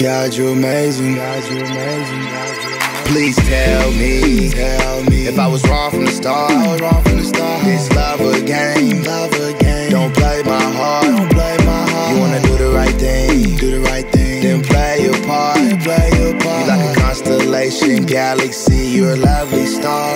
God, you're amazing. God, you're amazing. Please tell me, tell me if I was wrong from the start. I was wrong from the start. This love a game, love a game. Don't play my heart, don't play my heart. You wanna do the right thing, do the right thing. Then play your part, play your part. You like a constellation, galaxy. You're a lovely star.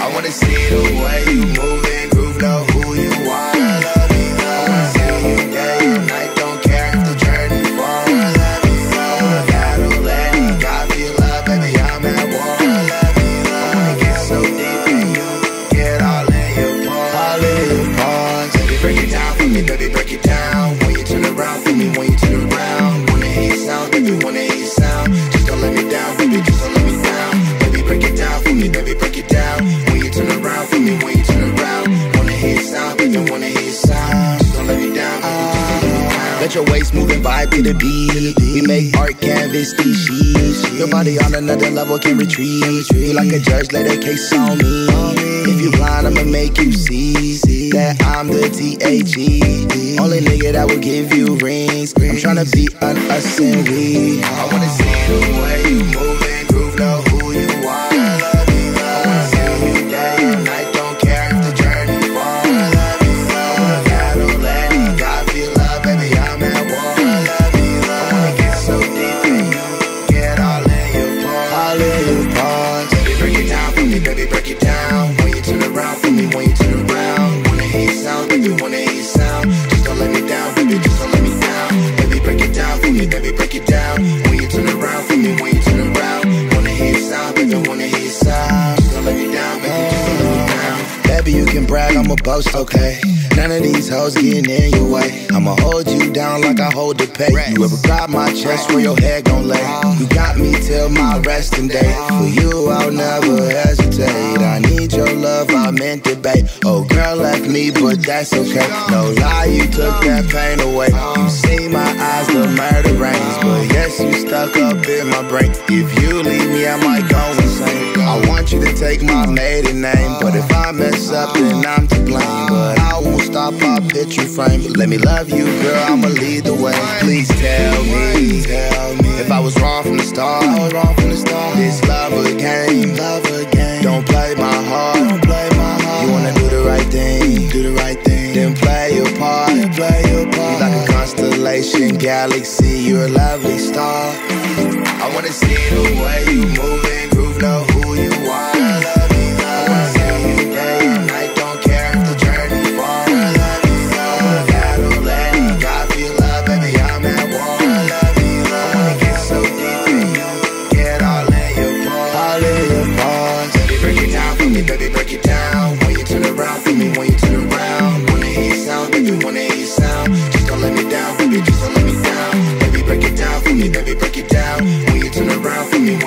I wanna see the way you move. your waist, moving vibe to the beat. We make art canvas these sheets. Your body on another level can retreat. You like a judge, let a case on me. If you blind, I'ma make you see that I'm the THE. Only nigga that will give you rings. I'm tryna be an us I wanna see the way you baby, you can brag, I'ma boast, okay. None of these hoes getting in your way. I'ma hold you down like I hold the pay. You ever grab my chest where your head gon' lay? You got me till my resting day. For you, I'll never hesitate. I need your love, I meant it, babe. Oh, girl left me, but that's okay. No lie, you took that pain away. You see my eyes, the murder reigns. But yes, you stuck up in my brain. If you leave me, I might go take my maiden name. But if I mess up, then I'm to blame. But I won't stop, my picture frame. let me love you, girl, I'ma lead the way. Please tell me, tell me if I was wrong from the start. I was wrong from the start. This love a game, love a game. Don't play my heart, don't play my heart. You wanna do the right thing, do the right thing. Then play your part, play your part. You're like a constellation, galaxy, you're a lovely star. I wanna see the way you move.